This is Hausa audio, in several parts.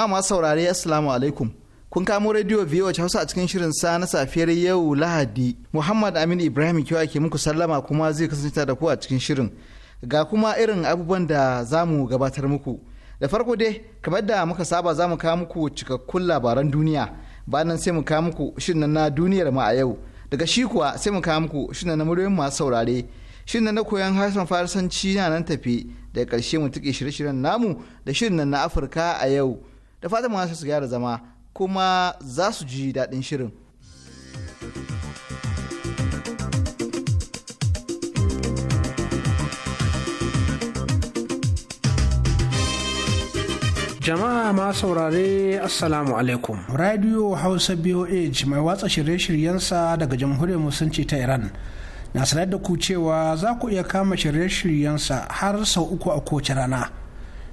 Jama'a saurare Assalamu alaikum. Kun kamo rediyo wacce Hausa a cikin shirin sa na safiyar yau Lahadi. Muhammad Aminu Ibrahim Kiyawa ke muku sallama kuma zai kasance da ku a cikin shirin. Ga kuma irin abubuwan da za mu gabatar muku. Da farko dai, kamar da muka saba za mu kawo muku cikakkun labaran duniya. Bayan sai mu kawo muku shirin na duniyar mu a yau. Daga shi kuwa sai mu kawo muku shirin na muryoyin masu saurare. Shirin na koyon harshen Farisanci na nan tafi. Daga ƙarshe mu tuke shirye-shiryen namu da shirin na Afirka a yau. da fatan masu su gyara zama kuma za su ji daɗin shirin. jama'a ma saurare assalamu alaikum radio hausa boh mai watsa shirye-shiryensa daga jamhuriyar musulunci ta iran na sanar da ku cewa za ku iya kama shirye-shiryensa har sau uku a kowace rana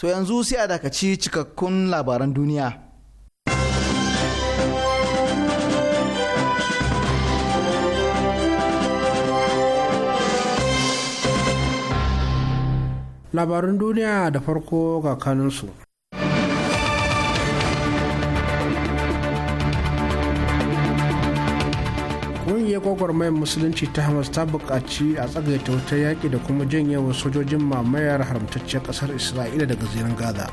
To yanzu sai a dakaci cikakkun labaran duniya. labarun duniya da farko ga kanunsu. gwagwarmayar musulunci ta hamas ta buƙaci a tsagaita wata yaƙi da kuma janyewar sojojin mamayar haramtacciyar ƙasar isra'ila daga zirin gaza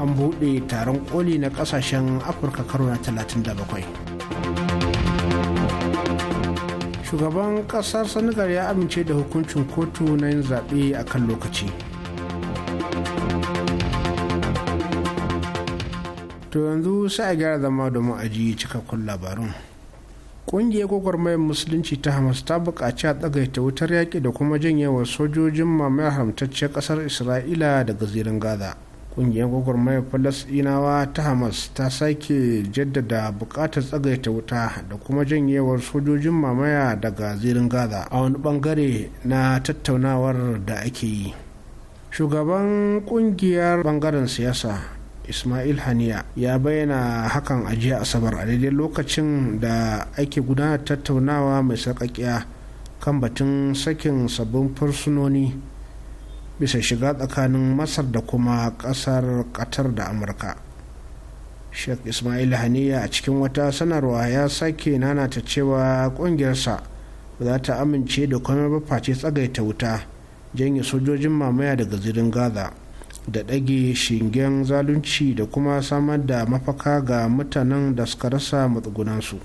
an buɗe taron koli na ƙasashen afirka karo na 37 shugaban ƙasar senegal ya amince da hukuncin kotu na yin zaɓe a kan lokaci to yanzu sai a gyara zama domin ma'aji cikakkun labarun ƙungiyar gwagwarmayar musulunci ta hamas ta buƙaci a tsagaita wutar yaƙi da kuma janyewa sojojin mamayar haramtacciyar ƙasar isra'ila daga zirin gaza ƙungiyar gwagwarmayar falasɗinawa ta hamas ta sake jaddada buƙatar tsagaita wuta da kuma janyewar sojojin mamaya daga zirin gaza a wani ɓangare na tattaunawar da ake yi shugaban ƙungiyar ɓangaren siyasa ismail haniya ya bayyana hakan a jiya asabar a daidai lokacin da ake gudanar tattaunawa mai sarƙaƙiya kan batun sakin sabbin fursunoni bisa shiga tsakanin masar da kuma ƙasar ƙatar da amurka sheikh ismail haniya a cikin wata sanarwa ya sake nanata cewa ƙungiyarsa za ta amince da komai ba face tsagaita wuta janye sojojin mamaya daga zirin gaza da ɗage shingen zalunci da kuma samar da mafaka ga mutanen da suka rasa matsugunansu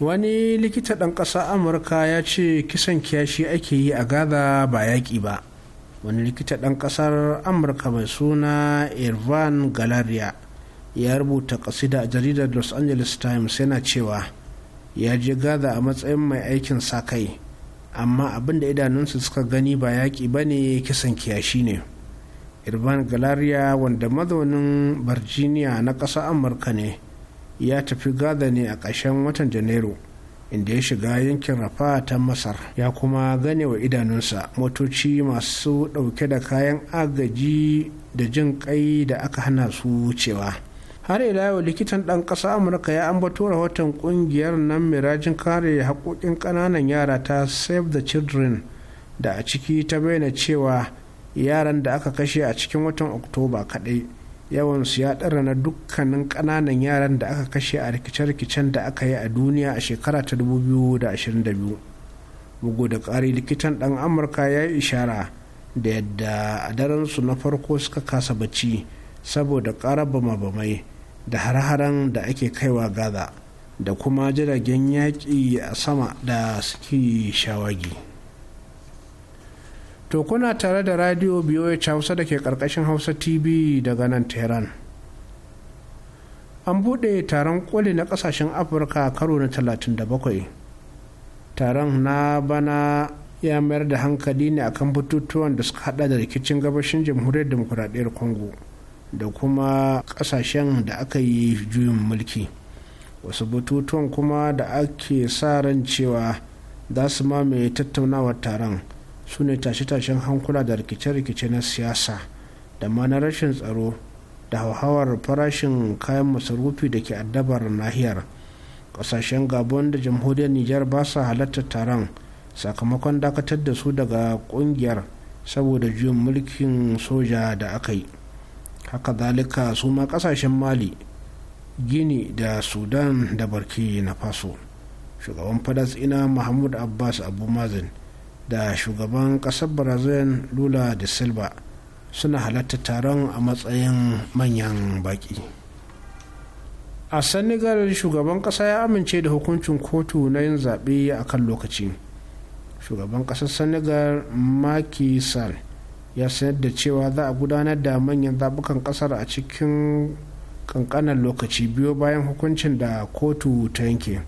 wani likita ɗan ƙasa amurka ya ce kisan kiyashi ake yi a gaza ba yaƙi ba wani likita ɗan ƙasar amurka mai suna irvan galaria ya rubuta ƙasida a jaridar los angeles times yana cewa ya je gaza a matsayin mai aikin sa kai amma abin da idanunsu suka gani ba yaƙi ba ne kisan kiyashi ne irvan galaria wanda mazaunin virginia na ƙasa amurka ne ya tafi gaza ne a ƙarshen watan janairu inda ya shiga yankin rafa ta masar ya kuma gane wa idanunsa motoci masu ɗauke da kayan agaji da jin ƙai da aka hana su cewa. har ila yau likitan ɗan ƙasa amurka ya ambato rahoton ƙungiyar nan mirajin kare haƙoƙin ƙananan yara ta save the children da a ciki ta bayyana cewa yaran da aka kashe a cikin watan oktoba kaɗai yawansu ya ɗara na dukkanin ƙananan yaran da aka kashe a rikice-rikicen da aka yi a duniya a shekara ta 2022 bugu da ƙari likitan ɗan amurka ya yi ishara da yadda a daren su na farko suka kasa bacci saboda ƙara bama-bamai da har-haren da ake kaiwa gaza da kuma jiragen yaƙi a sama da suke shawagi to kuna tare da radio biyoyi hausa da ke ƙarƙashin hausa tv daga nan tehran an buɗe taron ƙoli na ƙasashen afirka karo na 37 taron na bana ya mayar da hankali ne akan bututuwan da suka hada da rikicin gabashin jamhuriyar demokuraɗiyar congo da kuma kasashen da aka yi juyin mulki wasu bututun kuma da ake sa ran cewa za su mamaye tattaunawar taron su ne tashe-tashen hankula da rikice-rikice na siyasa da ma na rashin tsaro da hauhawar farashin kayan masarufi da ke addabar nahiyar kasashen gabon da jamhuriyar nijar ba sa halartar taron sakamakon dakatar da su daga kungiyar saboda juyin mulkin soja da aka yi haka dalika su ma kasashen mali gini da sudan da barki na faso shugaban ina mahmud abbas abu mazin da shugaban kasar brazil lula da silva suna halatta taron a matsayin manyan baki a senegal shugaban kasa ya amince da hukuncin kotu na yin zaɓe a kan lokaci shugaban ƙasar senegal maki Sall ya sanar da cewa za a gudanar da manyan zabukan kasar a cikin kankanan lokaci biyu bayan hukuncin da kotu ta yanke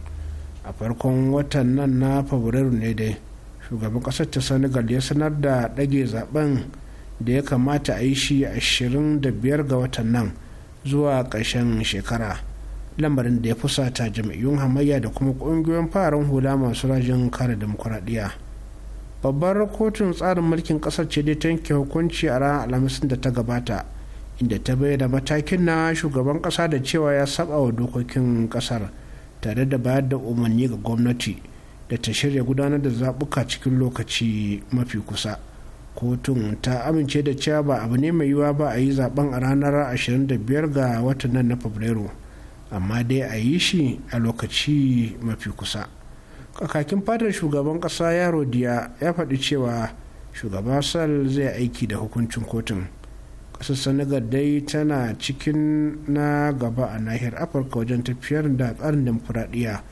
a farkon watan nan na fabrairu ne dai shugaban kasar ta senegal ya sanar da ɗage zaben da ya kamata a yi shi biyar ga watan nan zuwa ƙarshen shekara lamarin da ya fusata jam'iyyun hamayya da kuma ƙungiyoyin fararen hula masu rajin kare demokuraɗiyya babbar kotun tsarin mulkin kasar ce dai ta yanke hukunci a ranar alhamis da ta gabata inda ta bayyana matakin na shugaban kasa da cewa ya saba wa dokokin kasar tare da bayar da umarni ga gwamnati da ta shirya gudanar da zabuka cikin lokaci mafi kusa kotun ta amince da cewa ba abu ne mai yiwuwa ba a yi zaben a ranar 25 ga watan nan na fabrairu amma dai a yi shi a lokaci mafi kusa kakakin fadar shugaban kasa yaro rodiya ya faɗi cewa shugaba sal zai aiki da hukuncin kotun ƙasar senegal dai tana cikin na gaba a nahiyar afirka wajen tafiyar da tsarin demokuraɗiyya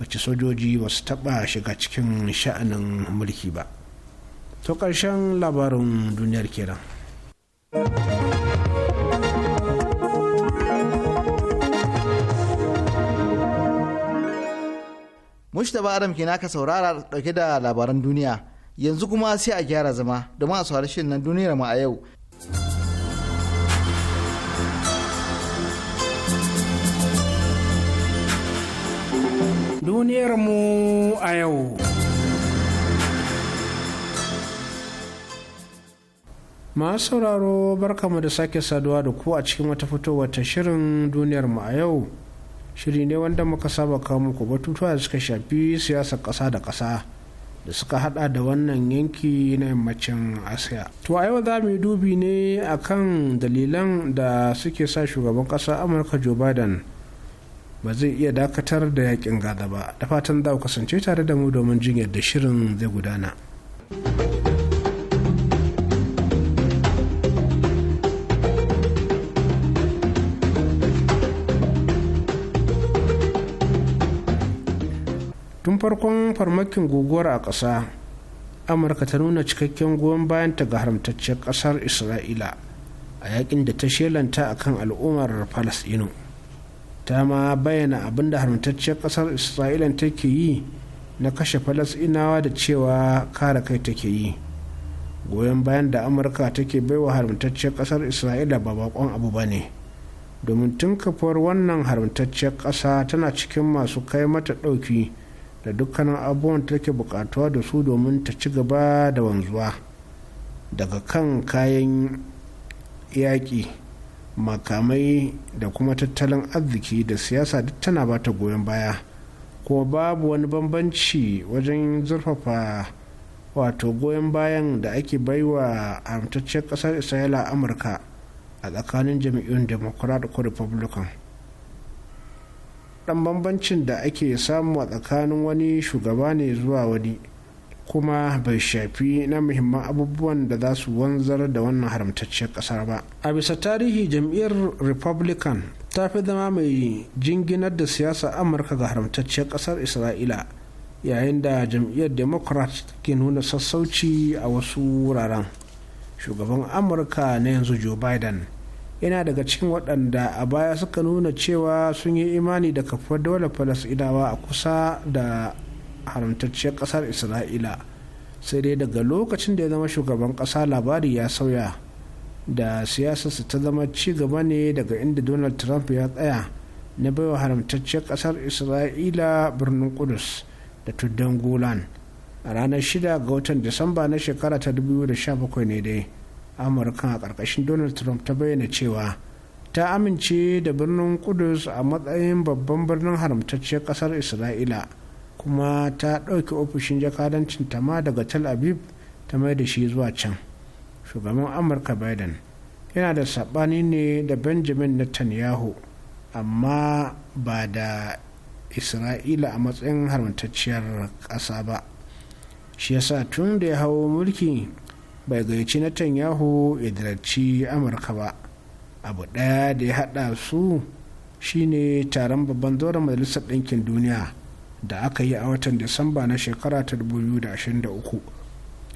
wacce sojoji ba su taɓa shiga cikin sha'anin mulki ba to ƙarshen labarin duniyar kenan. Mushtaba Adam ke naka saurara dauke da labaran duniya. Yanzu kuma sai a gyara zama domin a saurari shirin nan duniyar mu a yau. Duniyar mu a yau. Masu sauraro barkamu da sake saduwa da ku a cikin wata fitowa ta shirin duniyar mu a yau. shiri ne wanda muka saba kawo muku batutuwa da suka shafi siyasar ƙasa da ƙasa da suka hada da wannan yanki na yammacin asiya to a yau za mu yi dubi ne akan dalilan da suke sa shugaban ƙasa amurka joe biden ba zai iya dakatar da yakin gaza ba da fatan za ku kasance tare da mu domin jin yadda shirin zai gudana. farkon farmakin guguwar a ƙasa amurka ta nuna cikakken goyon bayan ta ga haramtacciyar ƙasar isra'ila a yakin da ta shelanta a kan al'ummar falasɗinu ta ma bayyana abin da haramtacciyar ƙasar isra'ila take yi na kashe falasɗinawa da cewa kare kai take yi goyon bayan da amurka take baiwa haramtacciyar ƙasar isra'ila ba bakon abu ba ne domin tun kafuwar wannan haramtacciyar ƙasa tana cikin masu kai mata ɗauki da dukkanin abubuwan da take bukatuwa da su domin ta ci gaba da wanzuwa daga kan kayan yaƙi makamai da kuma tattalin arziki da siyasa duk tana ba ta goyon baya kuma babu wani bambanci wajen zurfafa wato goyon bayan da ake baiwa amtacciyar ƙasar isra'ila amurka a tsakanin jam'iyyun democrat ko republican dan bambancin da ake samu a tsakanin wani shugaba ne zuwa wani kuma bai shafi na muhimman abubuwan da za su wanzar da wannan haramtacciyar ƙasar ba a bisa tarihi jam'iyyar republican ta fi zama mai jinginar da siyasa amurka ga haramtacciyar ƙasar isra'ila yayin da jam'iyyar democrat ke nuna sassauci a wasu wuraren shugaban amurka na yanzu joe biden yana daga cikin waɗanda a baya suka nuna cewa sun yi imani da kafuwar dole falasɗinawa a kusa da haramtacciyar ƙasar isra'ila sai dai daga lokacin da ya zama shugaban ƙasa labari ya sauya da su ta zama ci gaba ne daga inda donald trump ya tsaya na baiwa haramtacciyar ƙasar isra'ila birnin kudus da tuddan golan a ranar 6 ga watan disamba na shekara ta 2017 ne dai amurka a ƙarƙashin donald trump ta bayyana cewa ta amince da birnin kudus a matsayin babban birnin haramtacciyar ƙasar isra'ila kuma ta ɗauki ofishin jakadancin tama daga tel aviv ta mai da shi zuwa can shugaban amurka biden yana da saɓani ne da benjamin netanyahu amma ba da isra'ila a matsayin haramtacciyar ƙasa ba shi yasa tun da ya hau mulki bai gayyaci netanyahu ya dirarci amurka ba abu ɗaya da ya haɗa su shine taron babban zauren majalisar ɗinkin duniya da aka yi a watan disamba na shekara ta 2023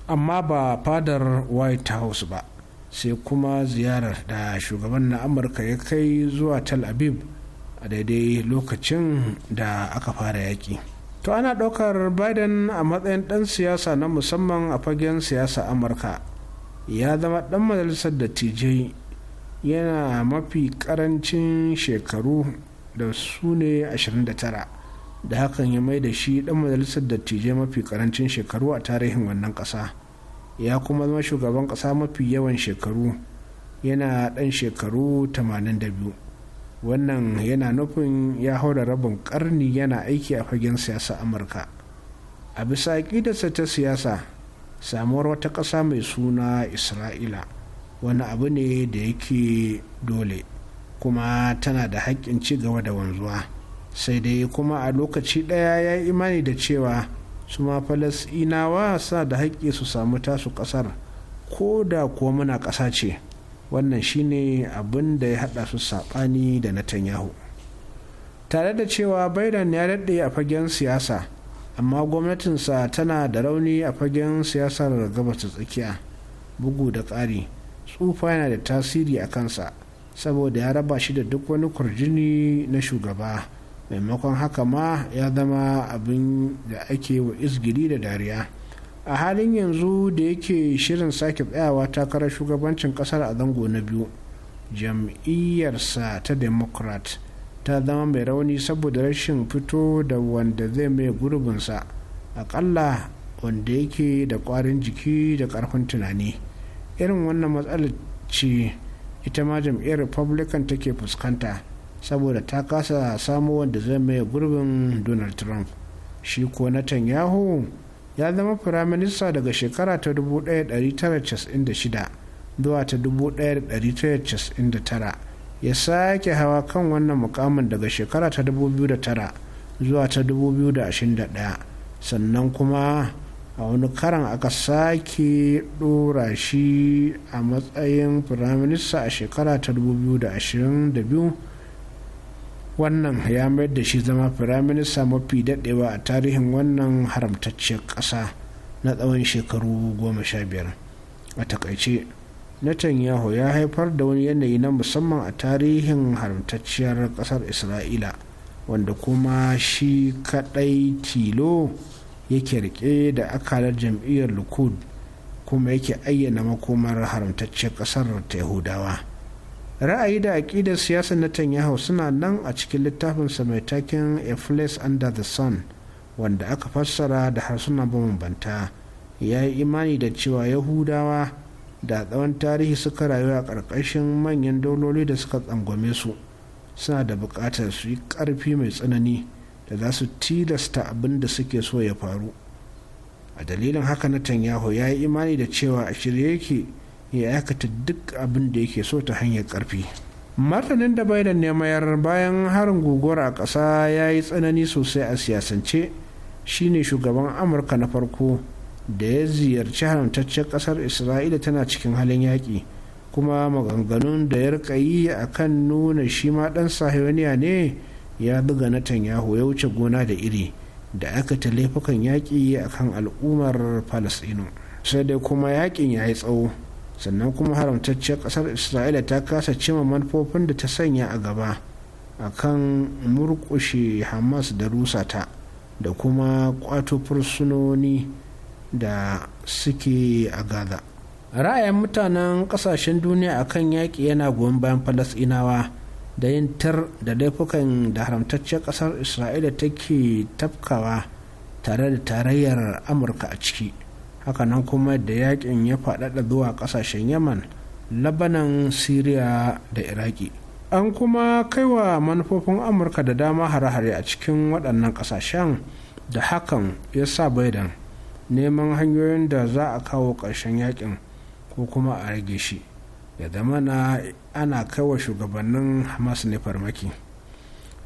amma ba fadar white house ba sai kuma ziyarar da shugaban na amurka ya kai zuwa tel aviv a daidai lokacin da aka fara yaƙi. to ana ɗaukar biden a matsayin ɗan siyasa na musamman a fagen siyasa amurka ya zama ɗan majalisar dattijai yana mafi ƙarancin shekaru da su ne 29 da hakan ya mai da shi ɗan majalisar dattijai mafi ƙarancin shekaru a tarihin wannan ƙasa ya kuma zama shugaban ƙasa mafi yawan shekaru yana ɗan shekaru 82 wannan yana nufin ya hau da rabin karni yana aiki a fagen siyasa amurka a bisa ƙidarsa ta siyasa samuwar wata ƙasa mai suna isra'ila wani abu ne da yake dole kuma tana da haƙƙin ci gaba da wanzuwa sai dai kuma a lokaci ɗaya ya yi imani da cewa su ma falasinawa sa da haƙƙi su samu tasu ƙasar ko da kuwa muna ƙasa ce wannan shine abin da ya hada su saɓani da netanyahu tare da cewa biden ya daɗe a fagen siyasa amma gwamnatinsa tana da rauni a fagen siyasar gabas ta tsakiya bugu da ƙari tsufa yana da tasiri a kansa saboda ya raba shi da duk wani kurjini na shugaba maimakon haka ma ya zama abin da ake wa izgiri da dariya a halin yanzu da yake shirin sake tsayawa takarar shugabancin kasar a zango na biyu jam'iyyarsa ta democrat ta zama mai rauni saboda rashin fito da wanda zai mai gurbinsa akalla wanda yake da ƙwarin jiki da ƙarfin tunani irin wannan matsalar ce ita ma jam'iyyar republican take fuskanta saboda ta kasa samo wanda zai mai gurbin donald trump shi ko na tanyahu ya zama firaminista daga shekara ta 1996 zuwa ta 1999 ya sake hawa kan wannan mukamin daga shekara ta 2009 zuwa ta 2021 sannan kuma a wani karan aka sake dora shi a matsayin firaminista a shekara ta 2022 wannan ya mayar da shi zama firaminista mafi daɗewa a tarihin wannan haramtacciyar ƙasa na tsawon shekaru goma sha biyar a takaice netanyahu ya haifar da wani yanayi na musamman a tarihin haramtacciyar ƙasar isra'ila wanda kuma shi kaɗai tilo yake rike da akalar jam'iyyar likud kuma yake ayyana makomar haramtacciyar ƙasar ta yahudawa ra'ayi da aƙidar siyasar netanyahu suna nan a cikin littafinsa mai taken a place under the sun wanda aka fassara da harsunan bambanta ya yi imani da cewa yahudawa da tsawon tarihi suka rayu a ƙarƙashin manyan dauloli da suka tsangwame su suna da buƙatar su yi ƙarfi mai tsanani da za su tilasta abin da suke so ya faru a dalilin haka na tanyahu ya yi imani da cewa a shirye yake ya aikata duk abin da yake so ta hanyar karfi martanin da biden ne mayar bayan harin guguwar a ƙasa ya yi tsanani sosai a siyasance shine shugaban amurka na farko da ya ziyarci haramtaccen ƙasar isra'ila tana cikin halin yaƙi kuma maganganun da ya rika yi a kan nuna shi ma ɗan sahiyoniya ne ya buga na tanyahu ya wuce gona da iri da aka ta laifukan yaƙi a kan al'ummar falasɗinu sai dai kuma yaƙin ya yi tsawo sannan kuma haramtacciyar kasar isra'ila ta kasa cima manufofin da ta sanya a gaba a kan murkushe hamas da rusata da kuma ƙwato fursunoni da suke a gaza ra'ayin mutanen ƙasashen duniya a kan yaƙi yana goyon bayan falasinawa da yin tar da laifukan da haramtacciyar kasar isra'ila take tafkawa tare da tarayyar amurka a ciki hakanan kuma da yakin ya faɗaɗa zuwa ƙasashen yaman labanan syria da iraki an kuma kaiwa manufofin amurka da dama hare-hare a cikin waɗannan ƙasashen da hakan ya sa biden neman hanyoyin da za a kawo ƙarshen yakin ko kuma a rage shi ya zama na ana kaiwa shugabannin hamas ne farmaki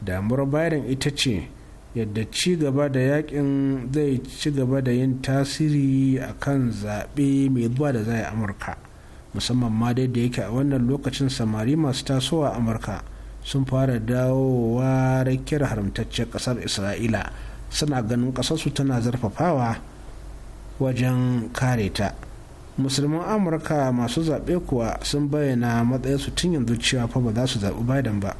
damuwar biden ita ce yadda ci gaba da yakin zai ci gaba da yin tasiri a kan zaɓe mai zuwa da zai amurka musamman ma dai da yake a wannan lokacin samari masu tasowa a amurka sun fara dawowa rakiyar haramtacciyar ƙasar isra'ila suna ganin ƙasarsu tana zarfafawa wajen kare ta musulman amurka masu zaɓe kuwa sun bayyana matsayinsu tun yanzu cewa fa ba za su zaɓi biden ba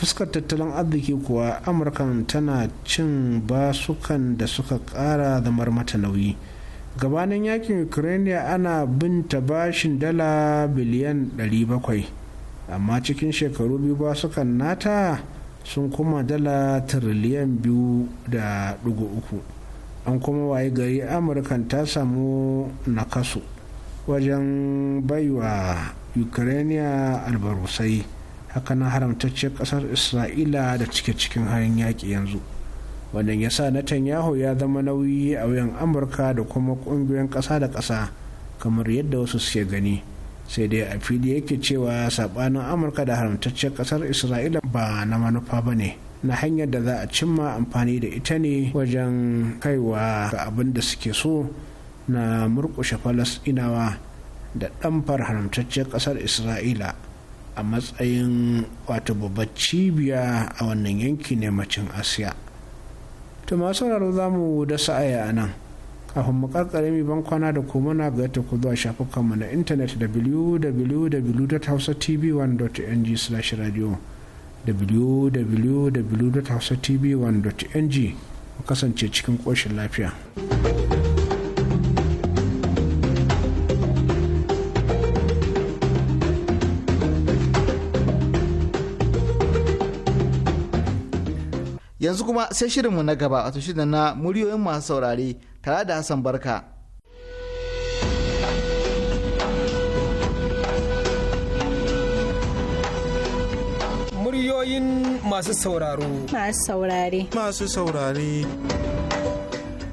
fuskar tattalin arziki kuwa amurkan tana cin basukan da suka kara zamar mata nauyi gabanin yakin ukraine ana binta bashin dala biliyan 700 amma cikin shekaru biyu basukan nata sun kuma dala tiriliyan biyu da dugu uku an kuma waye gari amurkan ta samu nakasu wajen baiwa ukraine albarusai haka na haramtacciyar kasar isra'ila da cike cikin hayan yaƙi yanzu wannan ya sa netanyahu ya zama nauyi a wuyan amurka da kuma ƙungiyoyin ƙasa da ƙasa kamar yadda wasu suke gani sai dai a fili yake cewa saɓanin amurka da haramtacciyar ƙasar isra'ila ba na manufa ba ne na hanyar da za a cimma amfani da ita ne wajen kaiwa ga abin da suke so na murƙushe falasɗinawa da ɗamfar haramtacciyar ƙasar isra'ila a matsayin wato babbar cibiya a wannan yanki ne macin asiya to masu sauraro za mu dasa aya a nan kafin mu karkare mai ban kwana da kuma na ga ta zuwa shafukanmu na intanet www.hausatv1.ng slash radio www.hausatv1.ng mu kasance cikin koshin lafiya. yanzu kuma sai shirinmu na gaba wato shirin na muryoyin masu saurare tare da hassan barka muryoyin masu sauraro masu saurare masu saurare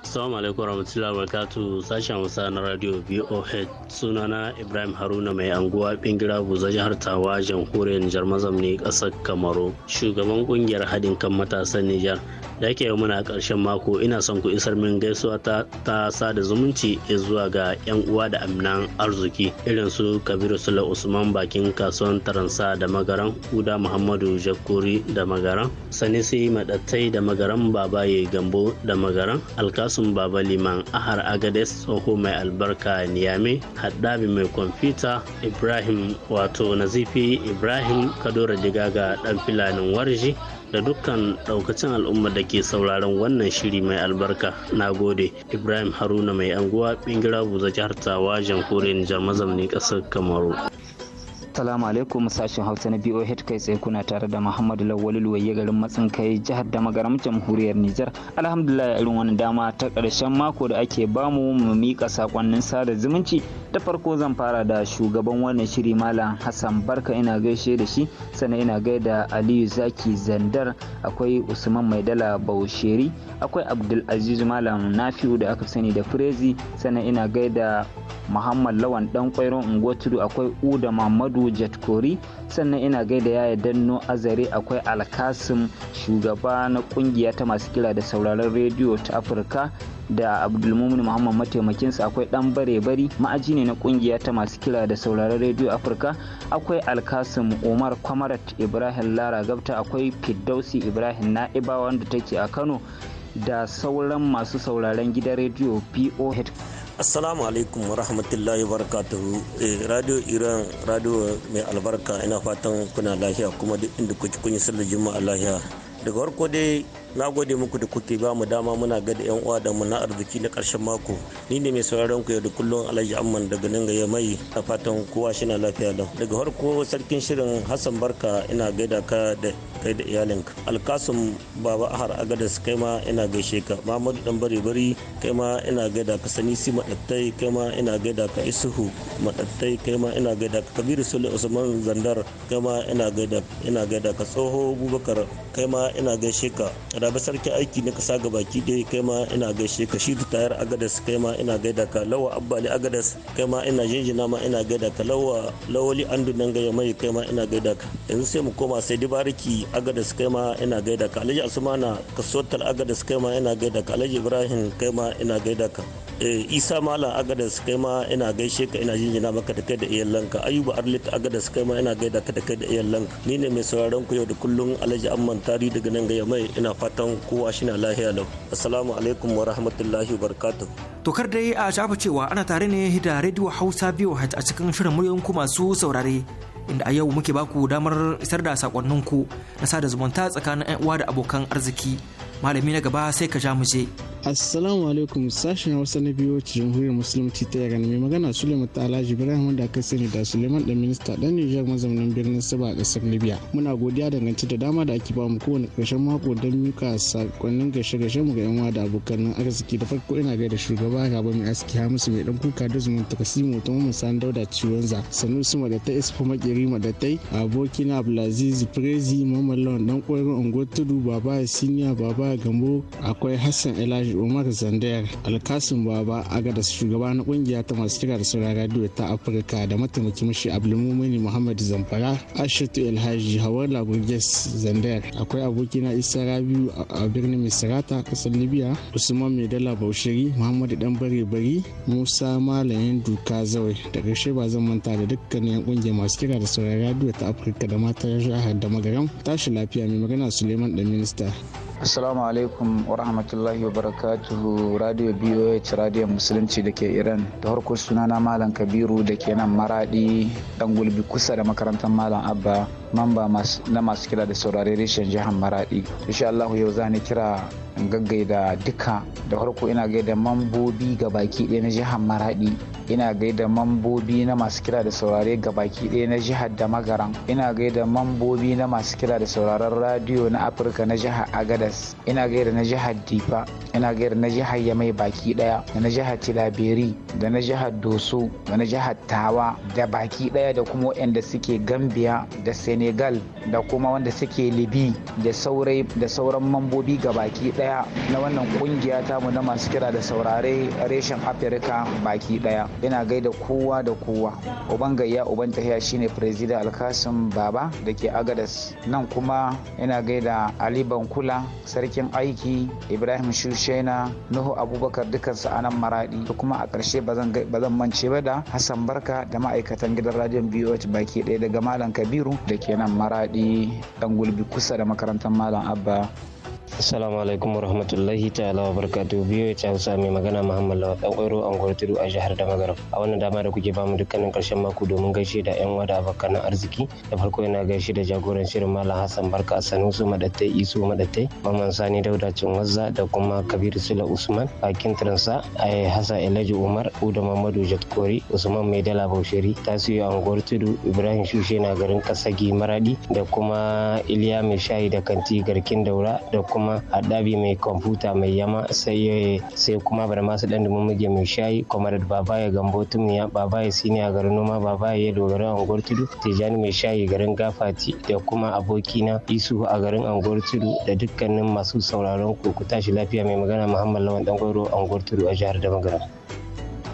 Assalamu alaikum warahmatullahi wabarakatuh sashen Hausa na Radio VOH sunana Ibrahim Haruna mai anguwa bingira buza jihar Tawa jamhuriyar Nijar mazamni kasar Kamaru shugaban kungiyar haɗin kan matasan Nijar da ke yau muna ƙarshen mako ina son ku isar min gaisuwa ta, ta sada zumunci zuwa ga yan uwa da aminan arziki irin su Kabiru Sula Usman bakin kasuwan Taransa da Magaran Uda Muhammadu Jakuri da Magaran Sanisi Madattai da Magaran Babaye Gambo da Magaran Alkas asun baba liman ahar agades tsoho mai albarka niyame haddabi mai kwamfuta ibrahim wato nazifi ibrahim kadora digaga dan filanin warji da dukkan daukacin al'ummar da ke sauraron wannan shiri mai albarka na gode ibrahim haruna mai anguwa bingira buza jihar tawa jamhuriyar nijar mazamni kasar kamaru Assalamu alaikum sashen Hausa na BOH kai tsaye kuna tare da Muhammadu Lawal waye garin matsin kai jihar Damagaram jamhuriyar Nijar. Alhamdulillah irin wani dama ta karshen mako da ake bamu mu mika sakonnin sada zumunci. Da farko zan fara da shugaban wannan shiri Malam Hassan Barka ina gaishe da shi sannan ina gaida Aliyu Zaki Zandar akwai Usman Maidala Bausheri akwai Abdulaziz Malam Nafiu da aka sani da Firezi sannan ina gaida Muhammad Lawan Dan Kwairo tudu akwai Uda Mamadu jet sannan ina gaida yaya danno azare akwai alkasim shugaba na kungiya ta masu kira da sauraron rediyo ta afirka da abdulmumin muhammad mataimakinsa akwai dan bare bari ma'aji ne na kungiya ta masu kira da sauraron rediyo afirka akwai alkasim umar kwamarat ibrahim lara gabta akwai fiddausi ibrahim na'iba wanda take a kano da sauran masu sauraron gidan rediyo boh assalamu alaikum wa rahmatullahi wa barakatuhu eh, radio iran radio mai albarka ina fatan kuna lafiya kuma duk inda kuke kun yi sallar juma'a lafiya daga farko dai na gode muku da kuke ba mu dama muna gada yan uwa da mu na arziki na ƙarshen mako ni ne mai sauraron ku yau da kullum alhaji amman daga nan ga mai a fatan kowa shi na lafiya lau daga farko sarkin shirin hassan barka ina gaida ka da kai da iyalinka alkasum baba ahar agadas kai ma ina gaishe ka mamadu dan bare bari kai ma ina gaida ka sanisi madattai kai ma ina gaida ka isuhu madattai kai ma ina gaida ka kabiru sule usman zandar kai ma ina gaida ina gaida ka tsoho bubakar kai ma ina gaishe ka da sarki aiki na kasa ki dai kai ma ina gaishe ka shi tayar agadas kai ma ina gaida ka lawa abbali agadas kai ma ina jinjina ma ina gaida ka lawa lawali andu nan ga mai kai ma ina gaida ka yanzu sai mu koma sai dibariki agadas kai ma ina gaida ka alhaji asmana kasotal agadas kai ma ina gaida ka alhaji ibrahim kai ma ina gaida ka isa malam agadas kai ma ina gaishe ka ina jinjina maka da kai da iyalanka ayuba arlit agadas kai ma ina gaida ka da kai da iyalanka ni ne mai sauraron ku yau da kullun alhaji amman tari daga nan ga mai ina fata fatan kowa shina lahiya lau assalamu alaikum wa rahmatullahi wa tokar dai a shafa cewa ana tare ne da rediyo hausa biyu a cikin shirin muryoyin ku masu saurare inda a yau muke baku damar isar da ku na sada zumunta tsakanin 'yan uwa da abokan arziki malami na gaba sai ka ja mu je. assalamu alaikum sashen hausa na biyu wacce jamhuriyar musulunci ta yaran mai magana suleiman talaji ibrahim da aka sani da suleiman dan minista dan nijar mazaunin birnin saba a kasar libya muna godiya dangance da dama da ake bamu kowane karshen mako don muka sakonnin gashe gashe mu ga yan da abokan arziki da farko ina gaida shugaba gaba mai aski hamisu mai dan kuka da zumun takasimu ta mu san dauda ciwon za sanusi madatai isfa makeri madatai abokina abdulaziz prezi mamallon dan koyar ungo tudu baba siniya baba gambo akwai hassan elaji Alhaji Umar Zandayar Alkasim Baba da shugaba na kungiya ta masu kira da sauran radio ta Afirka da mataimakin mashi Abdulmumini Muhammad Zamfara Ashatu Alhaji Hawar Burgess Zandayar akwai abokina Isa Rabiu a birnin Misrata kasar Libya Usman Medela Baushiri Muhammad Dan Bare Bari Musa Malamin Duka Zawai da ƙarshe ba zan manta da dukkanin kungiyar masu kira da sauran radio ta Afirka da mata jihar da magaram tashi lafiya mai magana Suleiman da minista Assalamu alaikum wa rahmatullahi wa barakatuhu radio BOH radio musulunci da ke Iran da harkar sunana Malam Kabiru da ke nan Maradi dan gulbi kusa da makarantar Malam Abba mamba na masu kira da saurare reshen jihar maradi insha allahu yau za ni kira in gaggaida duka da farko ina gaida mambobi ga baki ɗaya na jihar maradi ina gaida mambobi na masu kira da saurare ga baki ɗaya na jihar da magaran ina gaida mambobi na masu kira da sauraron radio na afirka na jihar agadas ina gaida na jihar difa ina gaida na jihar yamai baki ɗaya da na jihar tilaberi da na jihar doso da na jihar tawa da baki ɗaya da kuma waɗanda suke gambiya da sen senegal da kuma wanda suke libi da sauran mambobi ga baki daya na wannan kungiya mu na masu kira da saurare reshen afirka baki daya yana gaida kowa da kowa uban gayya uban tahiya shine presida alkasim baba da ke agadas nan kuma yana gaida ali bankula sarkin aiki ibrahim shushena nuhu abubakar dukansu a nan maradi da kuma a karshe ba zan mance ba da hassan barka da ma'aikatan gidan radiyon boh baki daya daga malam kabiru da ke kenan maradi dan gulbi kusa da makarantar malam abba Assalamu alaikum warahmatullahi ta'ala wa barakatu biyo ya hausa mai magana Muhammad Lawa dan kwairo an tudu a jihar da Damagaram. A wannan dama da kuke bamu dukkanin karshen mako domin gaishe da yan wada abokan arziki. Da farko yana gaishe da jagoran shirin Malam Hassan Barka Sanusu Madattai Isu Madattai, Maman Sani Dauda Cinwazza da kuma Kabir Sula Usman, Bakin Transa, Hassan Elaji Umar, Uda Mamadu Jatkori, Usman Mai Dala Baushiri, Tasiyo anguwar tudu, Ibrahim Shushe na garin Kasagi Maradi da kuma Iliya Mai Shayi da Kanti Garkin Daura da kuma haɗabi mai kwamfuta mai yama sai sai kuma bar masu dan dumin muge mai shayi baba babaye gambo ya sini a garin noma baba ya dogara unguwar tudu tijani mai shayi garin gafati da kuma abokina isu a garin unguwar tudu da dukkanin masu sauraron ku ku tashi lafiya mai magana muhammad lawan ɗan a unguwar tudu a jihar damagara.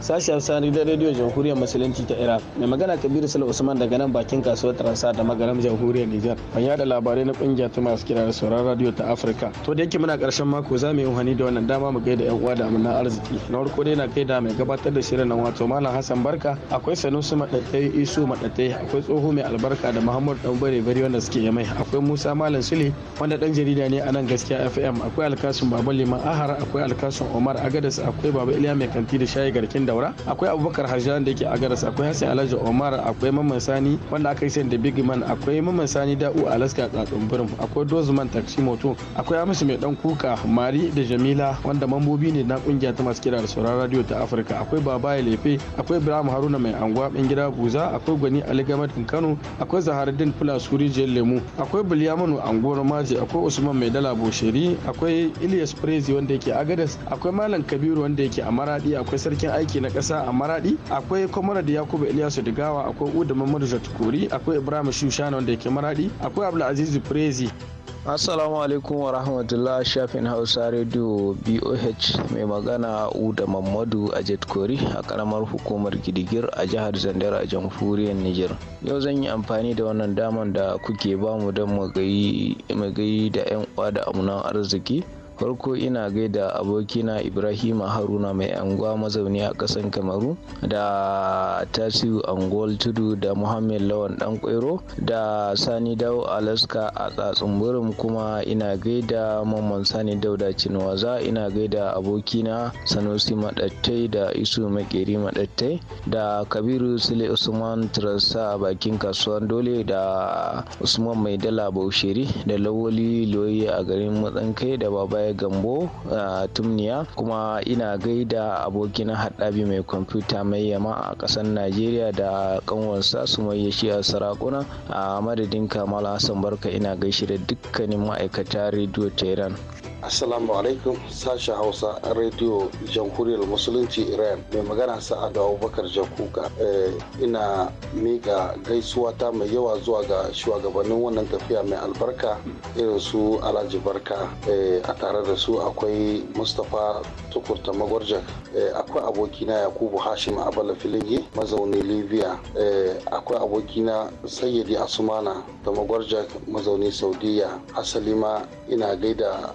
sashi Sani da rediyo Jamhuriyar Musulunci ta Iraq. Mai magana Kabiru sal Usman daga nan bakin kasuwar Transa da magaram Jamhuriyar Nijar. Ban yada labarai na kungiyar ta masu kira da sauran radio ta Afirka. To da yake muna karshen mako za mu yi wani da wannan dama mu gaida yan uwa da amina arziki. Na farko dai na kai da mai gabatar da shirin nan wato Malam Hassan Barka, akwai sanusu Madatai, Isu Madatai, akwai Tsoho Mai Albarka da Muhammad bare Bari wanda suke yamai. Akwai Musa Malam Sule wanda dan jarida ne a nan gaskiya FM. Akwai Alkasun Baba Liman Ahar, akwai Alkasun Omar Agadas, akwai Baba Iliya Mai Kanti da Shayi Garkin da daura akwai abubakar hajjan da yake agaras akwai hassan alhaji omar akwai mamman sani wanda aka yi sayan da big man akwai mamman sani da'u alaska tsatsun birin akwai dozman taxi moto akwai amisu mai dan kuka mari da jamila wanda mambobi ne na kungiya ta masu kira da sauran radio ta afirka akwai baba ya lefe akwai ibrahim haruna mai anguwa gida buza akwai gwani ali Gamad kano akwai zaharuddin fula suri jiyar lemu akwai bilyamanu Angoro maji akwai usman mai dala bosheri akwai ilyas prezi wanda yake agadas akwai malam kabiru wanda yake a maradi akwai sarkin aiki na ƙasa a maradi akwai comrade yakubu iliyasu digawa akwai uda mamadu zatkuri akwai ibrahim shushana wanda yake maradi akwai abdulaziz prezi Assalamu alaikum wa rahmatullah shafin Hausa Radio BOH mai magana Uda Mamadu a jetkori a karamar hukumar Gidigir a jihar Zandar a jamhuriyar Niger. Yau zan yi amfani da wannan daman da kuke bamu don magayi da 'yan uwa da amunan arziki farko ina gaida abokina ibrahim haruna mai anguwa mazauni a kasan kamaru da tasiu angol tudu da muhammed lawan dan kwairo da sani dawo alaska a tsatsunburin kuma ina gaida mamman sani da cinwaza ina gaida abokina sanusi madattai da isu makeri madattai da kabiru sule usman trasa a bakin kasuwan dole da usman mai dala baushiri da lawoli loyi a garin matsankai da baba Yahaya Gambo Tumniya kuma ina gaida abokina haɗabi mai kwamfuta mai yama a ƙasar Najeriya da kanwarsa su mai yashi a sarakuna a madadin kamala Hassan Barka ina gaishe da dukkanin ma'aikata rediyo Tehran. Assalamu alaikum sashen Hausa rediyo Jamhuriyar Musulunci Iran mai magana sa Sa'adu Abubakar Jakuka eh, ina mika gaisuwa ta mai yawa zuwa ga shugabannin wannan tafiya mai albarka irin su Alhaji Barka eh, a tare da su akwai Mustapha Tukurta magwarja eh, akwai abokina Yakubu Hashim Abala Filigi, mazaunin Libya akwai abokina Sayyidi Asumana da Magwarja mazaunin Saudiyya, asali ma ina gaida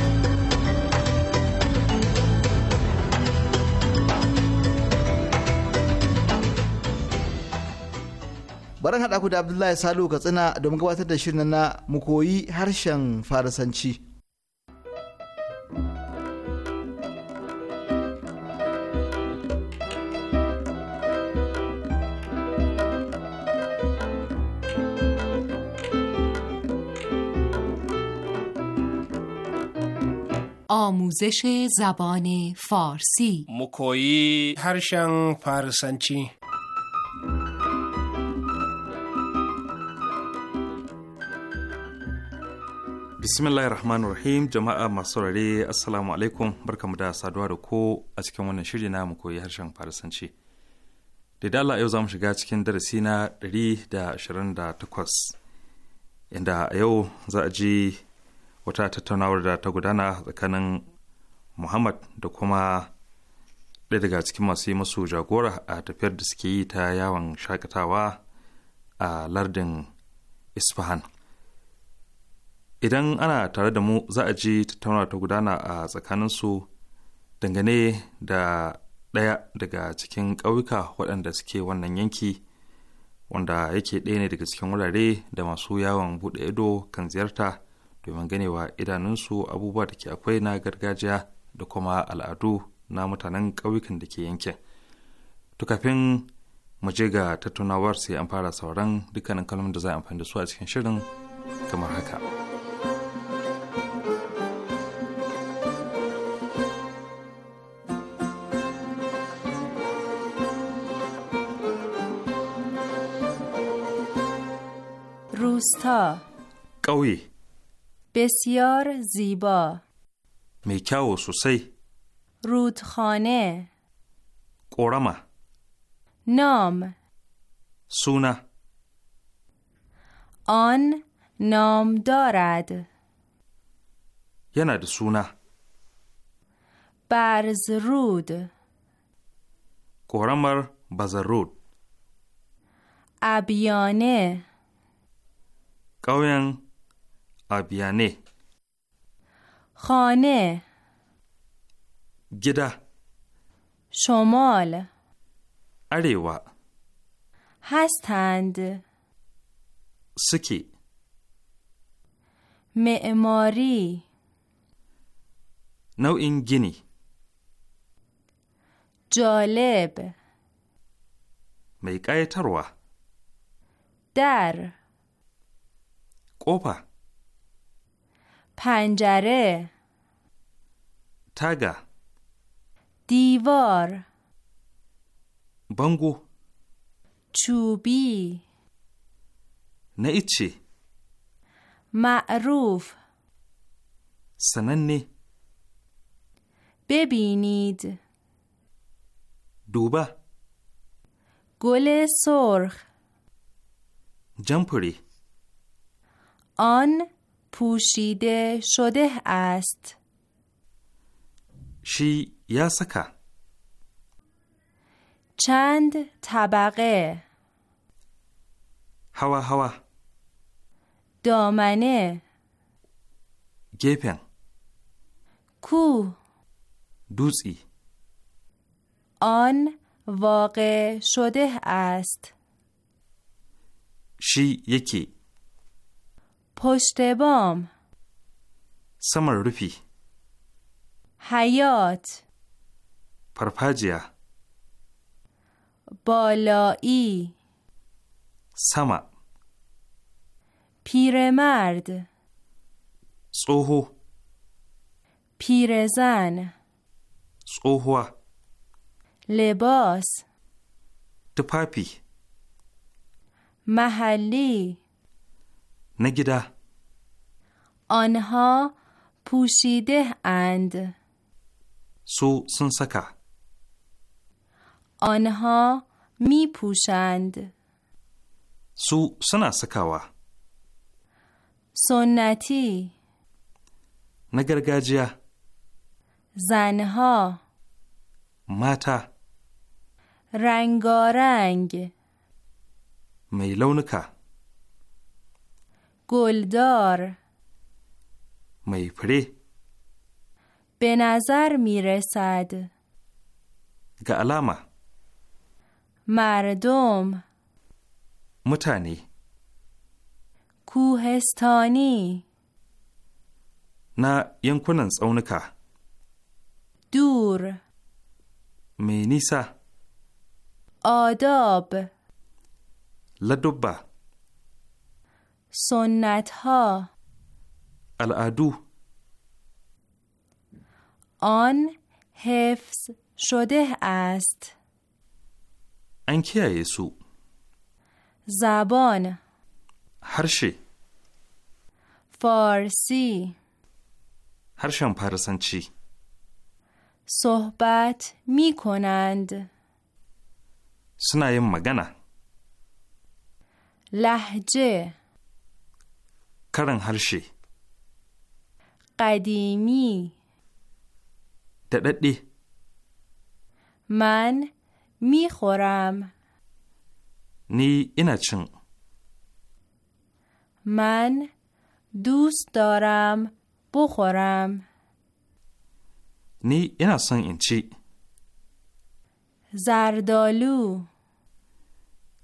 bari haɗa ku da abdullahi salu katsina domin gabatar da shirin na koyi harshen farisanci آموزش زبان فارسی مکویی هرشن فارسنچی bismillahir rahmanir rahim jama'a masu rare assalamu alaikum barkamu da saduwa da ko a cikin wannan shiri na mu koyi harshen farisanci da dala yau za mu shiga cikin darasi na 128 inda a yau za a ji wata tattaunawar da ta gudana tsakanin muhammad da kuma ɗaya daga cikin masu yi masu jagora a tafiyar da suke yi ta yawon shakatawa a lardin isfahan idan ana tare da mu za a ji tattaunawa ta gudana a tsakanin su dangane da ɗaya daga cikin ƙauyuka waɗanda suke wannan yanki wanda yake ɗaya ne daga cikin wurare da masu yawon buɗe ido kan ziyarta domin ganewa idanunsu abubuwa da ke akwai na gargajiya da kuma al'adu na mutanen ƙauyukan da ke yankin to kafin mu je ga tattaunawar sai an fara sauran dukkanin kalmomin da za a amfani da su a cikin shirin kamar haka. روستا قوی بسیار زیبا و سوسی رودخانه قرما نام سونا آن نام دارد یه سونا برز رود قرمر رود ابیانه قویان آبیانه خانه گده شمال اریوا هستند سکی معماری نو گینی جالب میکای تروه در ƙofa Panjare Taga Divar Bango Cubi Na ice Ma'aruf. Sananne Bebinid Duba Gole Sorg Jamfuri آن پوشیده شده است شی یا چند طبقه هوا هوا دامنه گپن کو دوزی آن واقع شده است شی یکی پشت بام سمر رفی حیات پرپاجیا بالایی سما پیرمرد پیر پیرزن سوهو. لباس دپاری. محلی نگیده آنها پوشیده اند سو سنسکه آنها می پوشند سو سنا سکاوا سنتی نگرگاجیا زنها ماتا رنگارنگ میلونکا گلدار میپری به نظر میرسد گالاما مردم متانی کوهستانی نا ینکنن سونکا دور مینیسا آداب لدوبا سنت ها العدو آن حفظ شده است انکی سو زبان هرشی فارسی پرسن چی؟ صحبت می کنند سنایم مگنه لحجه کرن هرشی قدیمی دددی من میخورم نی اینا چن من دوست دارم بخورم نی اینا سن این چی زردالو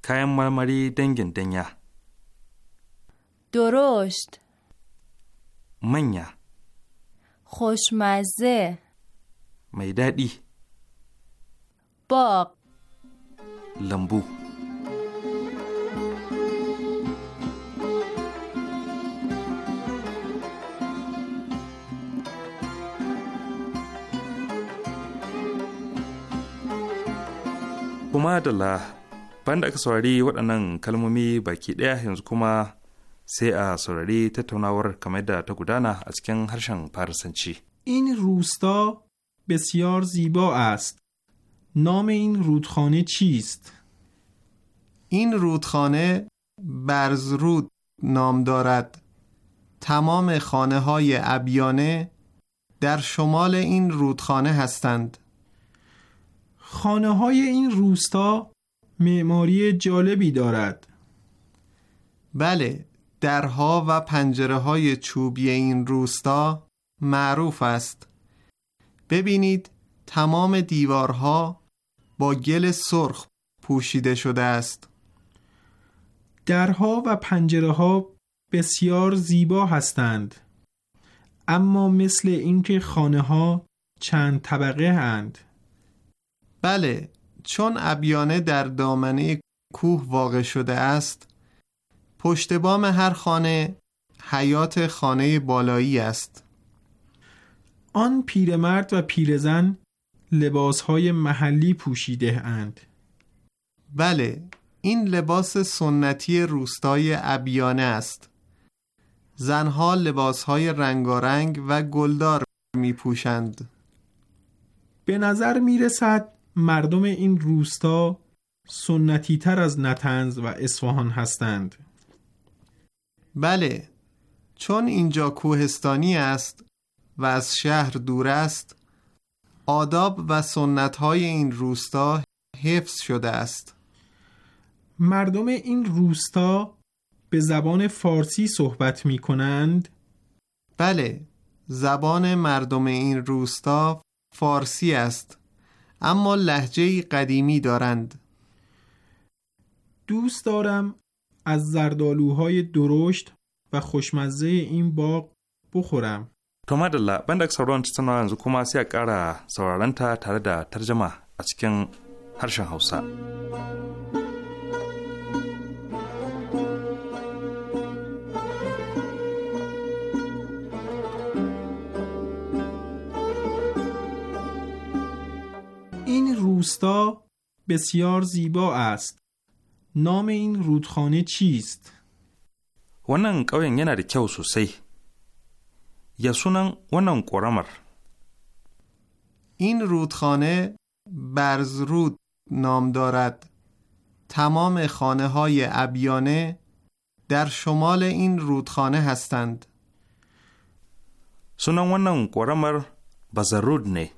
کایم مرمری دنگن دنیا درشت منیا خوشمزه میدادی باق لمبو kuma da la banda aka saurari waɗannan kalmomi baki ɗaya yanzu kuma sai a saurari tattaunawar kamar da ta gudana این روستا بسیار زیبا است. نام این رودخانه چیست؟ این رودخانه برزرود نام دارد. تمام خانه های ابیانه در شمال این رودخانه هستند. خانه های این روستا معماری جالبی دارد. بله، درها و پنجره های چوبی این روستا معروف است ببینید تمام دیوارها با گل سرخ پوشیده شده است درها و پنجره ها بسیار زیبا هستند اما مثل اینکه خانه ها چند طبقه هند بله چون ابیانه در دامنه کوه واقع شده است پشت بام هر خانه حیات خانه بالایی است آن پیرمرد و پیرزن لباسهای محلی پوشیده اند بله این لباس سنتی روستای ابیانه است زنها لباسهای رنگارنگ و گلدار می پوشند به نظر می رسد مردم این روستا سنتی تر از نتنز و اصفهان هستند بله چون اینجا کوهستانی است و از شهر دور است آداب و سنت های این روستا حفظ شده است مردم این روستا به زبان فارسی صحبت می کنند؟ بله زبان مردم این روستا فارسی است اما لحجه قدیمی دارند دوست دارم از زردالوهای درشت و خوشمزه این باغ بخورم. تومدلا بندکسارانت تانا نزو کوما سیا قارا ساورارنتا تاره ترجمه ا cikin harshen این روستا بسیار زیبا است. نام این رودخانه چیست؟ wannan ƙauyen yana da kyau sosai. Ya sunan wannan ƙoramar. این رودخانه برزرود نام دارد. تمام خانه های ابیانه در شمال این رودخانه هستند. سنن wannan ƙoramar بزرود نه.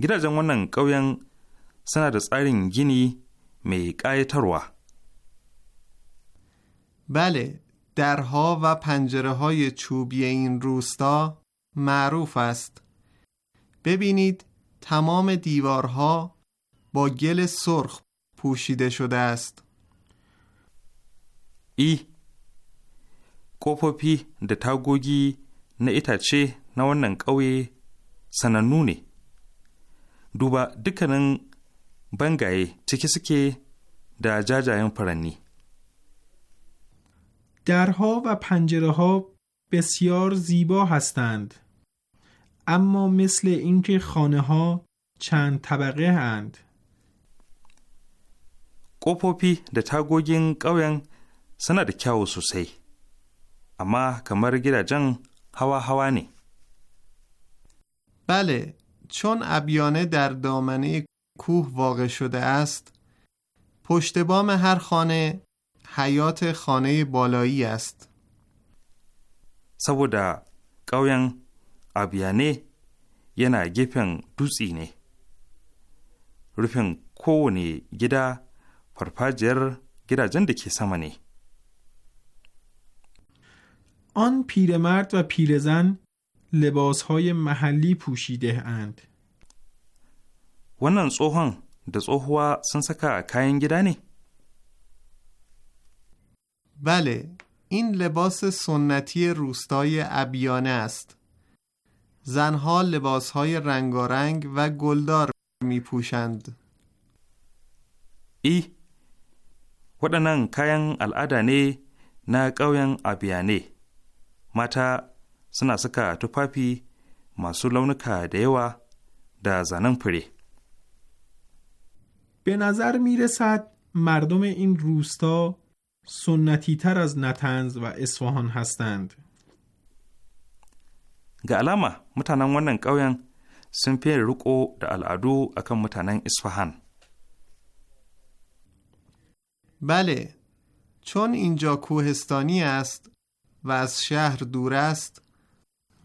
gidajen wannan ƙauyen suna da tsarin gini می قایتروا بله درها و پنجره های چوبی این روستا معروف است ببینید تمام دیوارها با گل سرخ پوشیده شده است ای کوپوپی da تاگوگی نه itace ونن ونن قوی sanannu دوبا دکنن bangaye ciki suke da jajayen furanni. درها و پنجره ها بسیار زیبا هستند اما مثل اینکه خانه ها چند طبقه هند قپوپی ده تاگوگین قوین سنا ده کیاو سوسی اما کمر گیر جنگ هوا هوانی. بله چون ابیانه در دامنه کوه واقع شده است پشت بام هر خانه حیات خانه بالایی است سبودا گویان آبیانه یه نا گیپن دوز اینه رفن کونی گیدا پرپا جر گیدا سمانه آن پیرمرد و پیرزن لباس های محلی پوشیده اند. wannan tsohon da tsohuwa sun saka kayan gida ne? بله این لباس سنتی روستای ابیانه است زنها لباسهای رنگارنگ و گلدار می I, ای waɗannan kayan al'ada ne na ƙauyen abiyane mata suna saka tufafi masu launuka da yawa da zanen fure. به نظر میرسد مردم این روستا سنتی تر از نتنز و اصفهان هستند گه متنان ونن wannan ƙauyen sun fi دا da al'adu akan اصفهان؟ بله چون اینجا کوهستانی است و از شهر دور است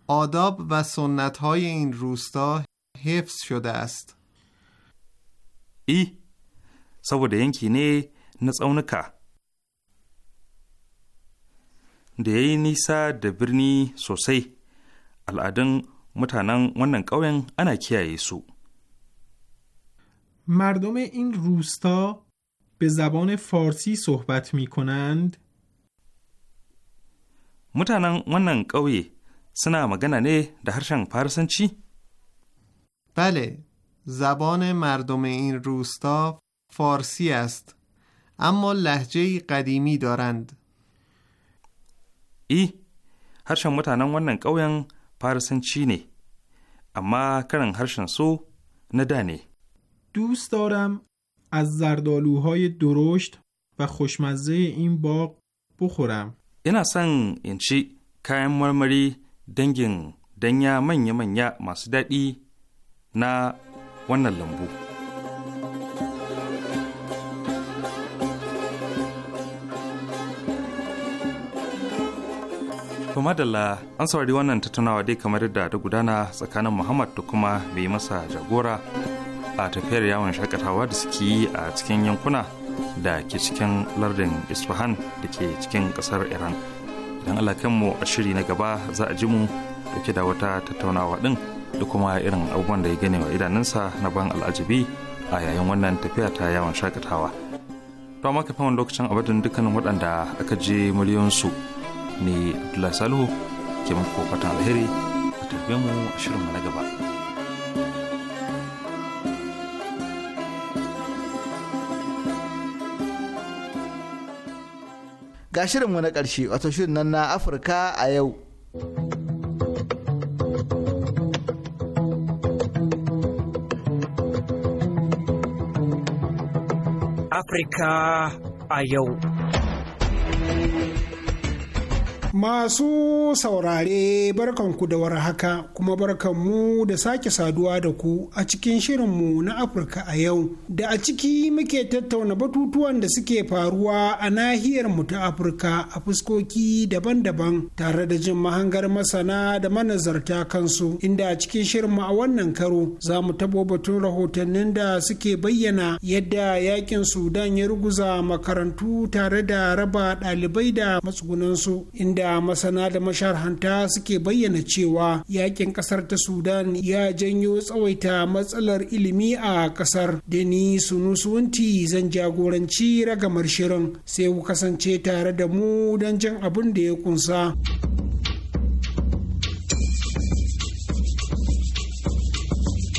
آداب و سنت های این روستا حفظ شده است ای saboda yanki ne na tsaunuka da ya yi nisa da birni sosai al'adun mutanen wannan ƙauyen ana kiyaye su. مردم این روستا به زبان فارسی صحبت می کنند؟ متنان ونن قوی سنا مگنه نه ده هرشن فارسنچی؟ بله زبان مردم این روستا فارسی است اما لحجه قدیمی دارند ای harshen mutanen wannan ƙauyen farisanci ne amma karin harshen su na da ne دوست دارم از زردآلوهای درشت و خوشمزه این باغ بخورم. ina son in ci kayan marmari dangin danya manya-manya masu daɗi na wannan lambu. To madalla an saurari wannan tattaunawa dai kamar yadda ta gudana tsakanin Muhammad da kuma mai masa jagora a tafiyar yawon shakatawa da suke yi a cikin yankuna da ke cikin lardin Isfahan da ke cikin kasar Iran. Idan Allah mu a shiri na gaba za a ji mu dauke da wata tattaunawa din da kuma irin abubuwan da ya gane wa idanunsa na ban al'ajibi a yayin wannan tafiya ta yawon shakatawa. To amma kafin lokacin abadin dukkanin waɗanda aka je miliyansu su ne abdullahi salihu ke muku fatan alheri a tarbe mu shirinmu na gaba. ga shirinmu na ƙarshe wato shirin nan na afirka a yau afirka a yau Masu saurare barkanku da warhaka kuma barkanmu da sake saduwa da ku a cikin shirinmu na Afirka a yau da a ciki muke tattauna batutuwan da suke faruwa a nahiyar mu ta Afirka a fuskoki daban-daban tare da jin mahangar masana da manazarta kansu inda a cikin shirinmu a wannan karo za mu tabo batun rahotannin da suke bayyana yadda yakin Sudan ya ruguza makarantu tare da raba ɗalibai da matsugunansu inda da masana da masharhanta suke bayyana cewa yakin kasar ta sudan ya janyo tsawaita matsalar ilimi a kasar da ni sunusuwanti zan jagoranci ragamar shirin sai ku kasance tare da mu don jan abin da ya kunsa.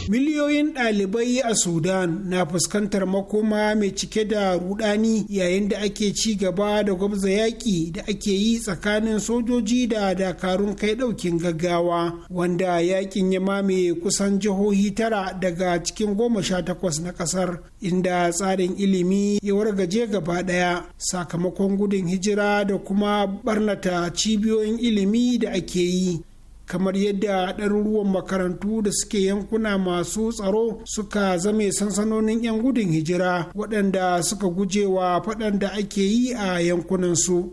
miliyoyin ɗalibai a sudan na fuskantar makoma mai cike da rudani yayin da ake ci gaba da gwabza yaƙi da ake yi tsakanin sojoji da dakarun kai ɗaukin gaggawa wanda yaƙin ya mamaye kusan jihohi tara daga cikin goma sha takwas na ƙasar inda tsarin ilimi ya wargaje gaba ɗaya sakamakon gudun hijira da kuma ɓarnata cibiyoyin ilimi da ake yi kamar yadda ɗaruruwan makarantu da suke yankuna masu tsaro suka zame sansanonin 'yan gudun hijira waɗanda suka gujewa faɗan da ake yi a yankunansu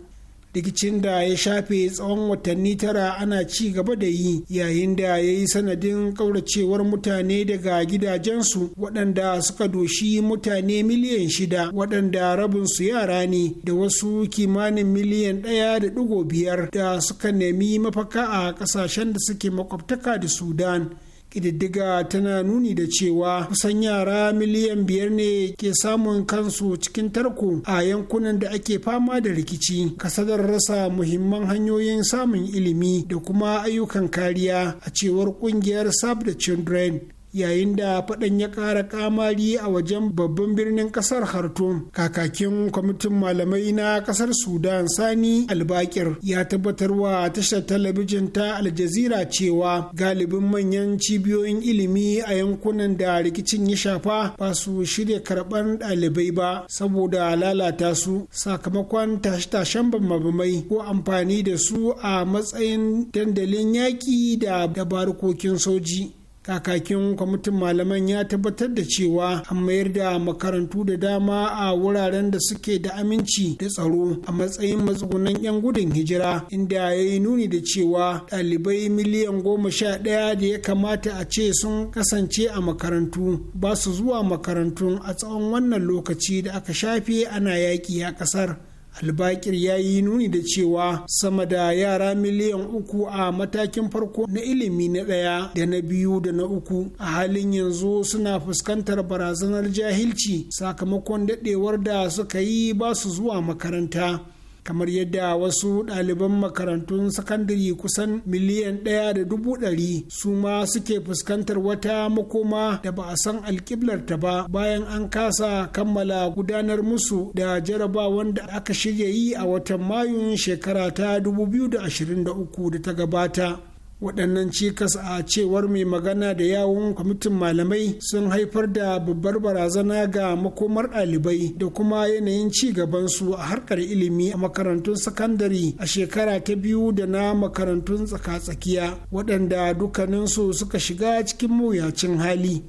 rikicin da ya shafe tsawon watanni tara ana ci gaba da yi yayin da ya yi sanadin kauracewar mutane daga gidajensu waɗanda suka doshi mutane miliyan shida waɗanda rabin su yara ne da wasu kimanin miliyan ɗaya da ɗigo biyar da suka nemi mafaka a ƙasashen da suke makwabtaka da sudan ƙididdiga tana nuni da cewa kusan yara miliyan biyar ne ke samun kansu cikin tarko a yankunan da ake fama da rikici kasadar rasa muhimman hanyoyin samun ilimi da kuma ayyukan kariya a cewar ƙungiyar save the children yayin da faɗan ya ƙara ƙamari a wajen babban birnin ƙasar Khartoum. Kakakin kwamitin malamai na ƙasar Sudan Sani Albakir ya tabbatar wa tashar talabijin ta Al Jazeera cewa galibin manyan cibiyoyin ilimi a yankunan da rikicin ya shafa ba su shirya karɓar ɗalibai ba saboda lalata su sakamakon tashe-tashen bambamai ko amfani da su a matsayin dandalin yaƙi da dabarukokin soji. kakakin kwamitin malaman ya tabbatar da cewa an mayar da makarantu da dama a wuraren da suke da aminci da tsaro a matsayin matsugunan 'yan gudun hijira inda ya yi nuni da cewa ɗalibai miliyan goma sha ɗaya da ya kamata a ce sun kasance a makarantu ba su zuwa makarantun a tsawon wannan lokaci da aka shafe ana yaƙi a ƙasar albakir ya yi nuni da cewa sama da yara miliyan uku a matakin farko na ilimi na ɗaya da na biyu da na uku a halin yanzu suna fuskantar barazanar jahilci sakamakon daɗewar da suka yi ba su zuwa makaranta kamar yadda wasu ɗaliban makarantun sakandare kusan miliyan ɗaya da dubu ɗari su ma suke fuskantar wata makoma da ba a san alkiblarta ba bayan an kasa kammala gudanar musu da jarabawar da aka shirya yi a watan mayun shekara ta 2023 da ta gabata. waɗannan cikas a cewar mai magana da yawun kwamitin malamai sun haifar da babbar barazana ga makomar ɗalibai da kuma yanayin ci gabansu a harkar ilimi a makarantun sakandare a shekara ta biyu da na makarantun tsaka-tsakiya waɗanda dukkaninsu suka shiga cikin mawuyacin hali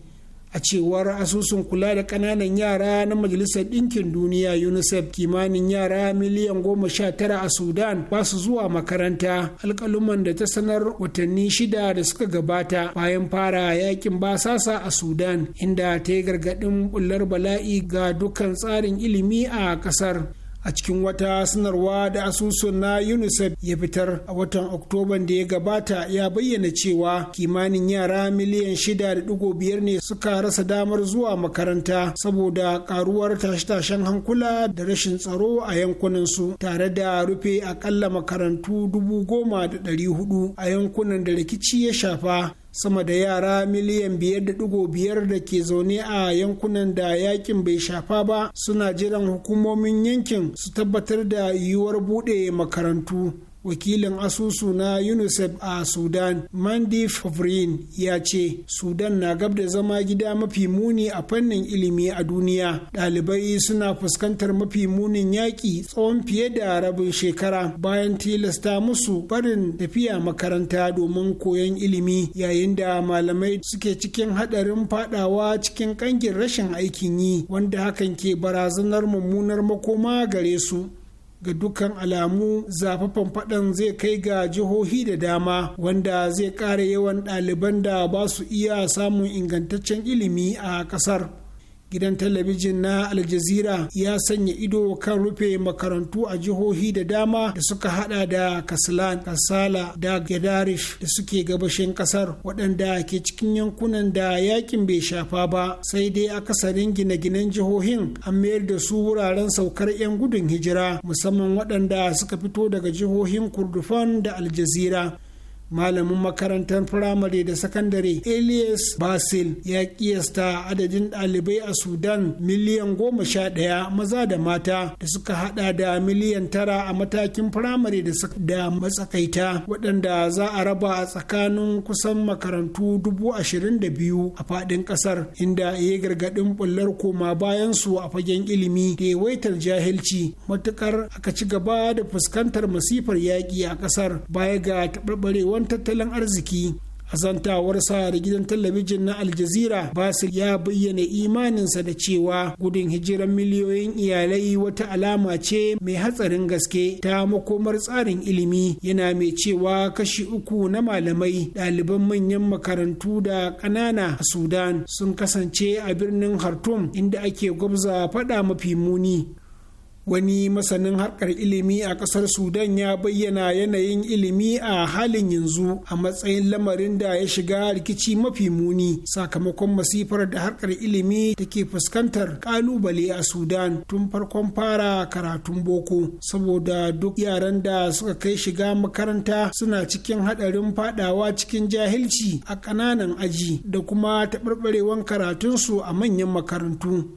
a cewar asusun kula da kananan yara na majalisar ɗinkin duniya unicef kimanin yara miliyan goma sha tara a sudan ba su zuwa makaranta alƙaluman da ta sanar watanni shida da suka gabata bayan fara yakin basasa a sudan inda ta yi gargaɗin bullar bala'i ga dukkan tsarin ilimi a ƙasar a cikin wata sanarwa da asusun na unicef ya fitar a watan oktoban da ya gabata ya bayyana cewa kimanin yara miliyan shida da digo biyar ne suka rasa damar zuwa makaranta saboda karuwar tashe-tashen hankula da rashin tsaro a yankunan su tare da rufe akalla makarantu dubu goma da ɗari hudu a yankunan da rikici ya shafa sama da yara miliyan biyar da ke zaune a yankunan da yakin bai shafa ba suna jiran hukumomin yankin su tabbatar da yiwuwar buɗe makarantu wakilin asusu na unicef a sudan mandi fabrin ya ce sudan na gab da zama gida mafi muni a fannin ilimi a duniya ɗalibai suna fuskantar mafi munin yaƙi tsawon fiye da rabin shekara bayan tilasta musu barin tafiya makaranta domin koyon ilimi yayin da malamai suke cikin haɗarin fadawa cikin ƙangin rashin aikin yi wanda hakan ke barazanar mummunar makoma gare su ga dukkan alamu zafafan faɗan zai kai ga jihohi da dama wanda zai ƙara yawan ɗaliban da ba su iya samun ingantaccen ilimi a ƙasar gidan talabijin na aljazira ya sanya ido kan rufe makarantu a jihohi da dama da suka hada da kaslan kasala da gadarif da suke gabashin kasar waɗanda ke cikin yankunan da yakin bai shafa ba sai dai akasarin gine-ginen jihohin an mayar da su wuraren saukar 'yan gudun hijira musamman waɗanda suka fito daga jihohin kurdufan da aljazira malamin makarantar firamare da sakandare elias basil ya kiyasta adadin ɗalibai a sudan miliyan goma sha ɗaya maza da mata da suka hada da miliyan tara a matakin firamare da matsakaita waɗanda za a raba a tsakanin kusan makarantu dubu ashirin da biyu a faɗin ƙasar inda ya gargaɗin bullar koma bayan su a fagen ilimi da yawaitar jahilci matukar aka ci gaba da fuskantar masifar yaƙi a ƙasar baya ga taɓarɓarewar masanin tattalin arziki a zantawarsa da gidan talabijin na aljazira basir ya bayyana imaninsa da cewa gudun hijiran miliyoyin iyalai wata alama ce mai hatsarin gaske ta makomar tsarin ilimi yana mai cewa kashi uku na malamai ɗaliban manyan makarantu da ƙanana a sudan sun kasance a birnin khartoum inda ake gwabza faɗa mafi muni wani masanin harkar ilimi a kasar sudan ya bayyana yanayin ilimi a halin yanzu a matsayin lamarin da ya shiga rikici mafi muni sakamakon masifar da harkar ilimi take fuskantar kalubale a sudan tun farkon fara karatun boko saboda duk yaran da suka kai shiga makaranta suna cikin hadarin fadawa cikin jahilci a ƙananan aji da kuma taɓarɓarewan karatunsu a manyan makarantu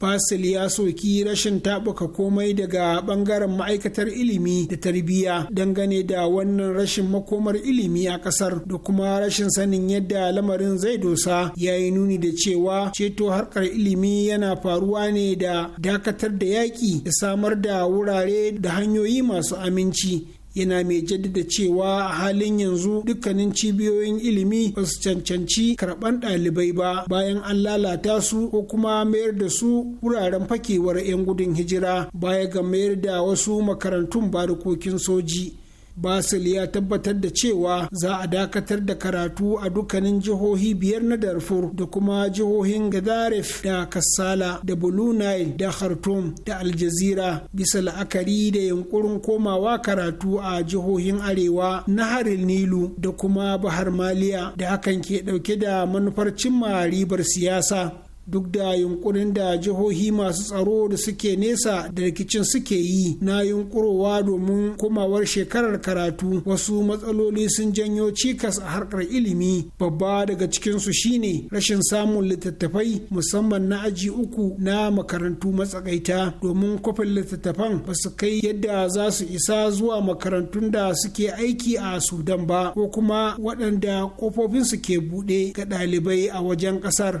Fasil ya soki rashin taɓuka komai daga ɓangaren ma'aikatar ilimi da tarbiyya dangane da wannan rashin makomar ilimi a ƙasar da kuma rashin sanin yadda lamarin zai dosa ya yi nuni da cewa ceto harkar ilimi yana faruwa ne da dakatar da yaƙi da samar da wurare da hanyoyi masu aminci yana mai jaddada cewa a halin yanzu dukkanin cibiyoyin ilimi ba su cancanci karɓan ɗalibai ba bayan an lalata su ko kuma mayar da su wuraren fakewar 'yan gudun hijira baya ga mayar da wasu makarantun barikokin soji Basil ya tabbatar da cewa za a dakatar da karatu a dukkanin jihohi biyar na Darfur da kuma jihohin Gadaref da Kassala da bulunai da khartum da Aljazira bisa la'akari da yunkurin komawa karatu a jihohin Arewa na harin Nilu da kuma Bahar Maliya da hakan ke dauke da manufar cimma ribar siyasa. duk da yunkurin da jihohi masu tsaro da suke nesa da rikicin suke yi na yunkurowa domin komawar shekarar karatu wasu matsaloli sun janyo cikas a harkar ilimi babba daga cikinsu shine rashin samun littattafai musamman na aji uku na makarantu matsakaita domin kwafin littattafan ba su kai yadda za su isa zuwa makarantun da suke aiki a sudan ba ko kuma waɗanda ƙofofinsu ke buɗe ga ɗalibai a wajen ƙasar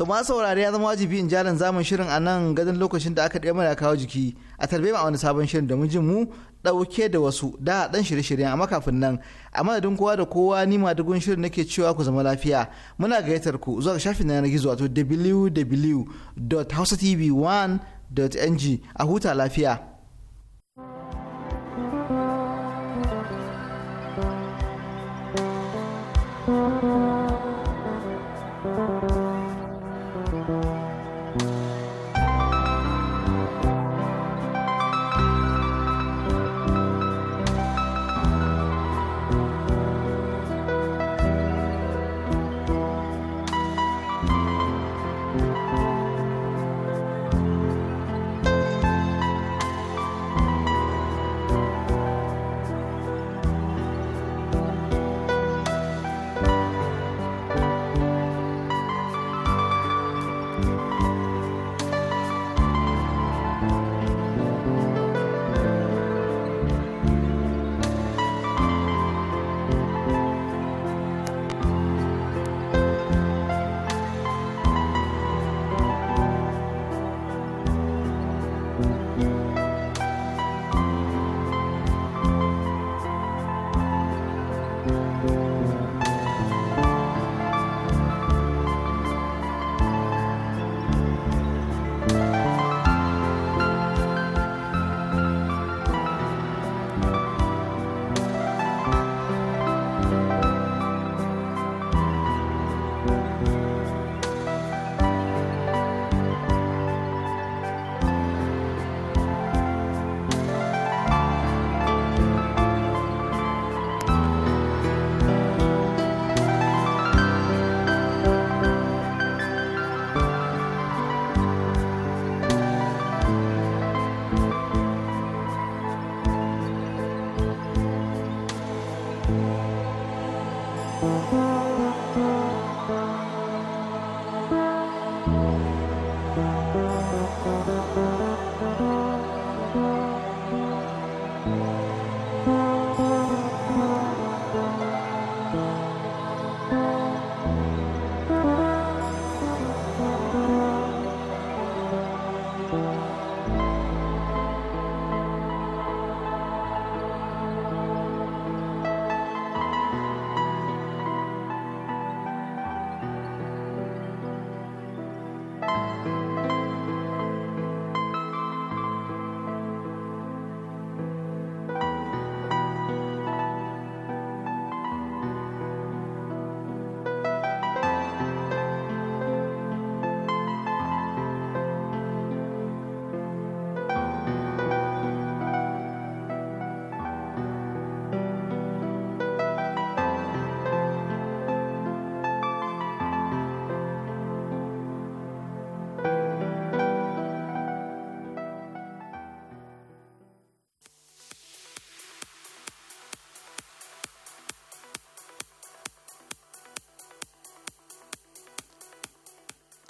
to ma saurare ya zama wajibi in jarin zaman shirin a nan gadon lokacin da aka ɗaya mana kawo jiki a tarbe ma wani sabon shirin da jin mu ɗauke da wasu da ɗan shirye-shiryen a makafin nan a madadin kowa da kowa ni ma dugun shirin nake cewa ku zama lafiya muna gayyatar ku zuwa ga shafin na yanar gizo wato www.hausatv1.ng a huta lafiya.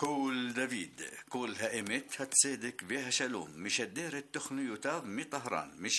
كول دافيد كول هائمت هتسيدك بها شالوم مش الدير التخنيوتاب مي طهران مش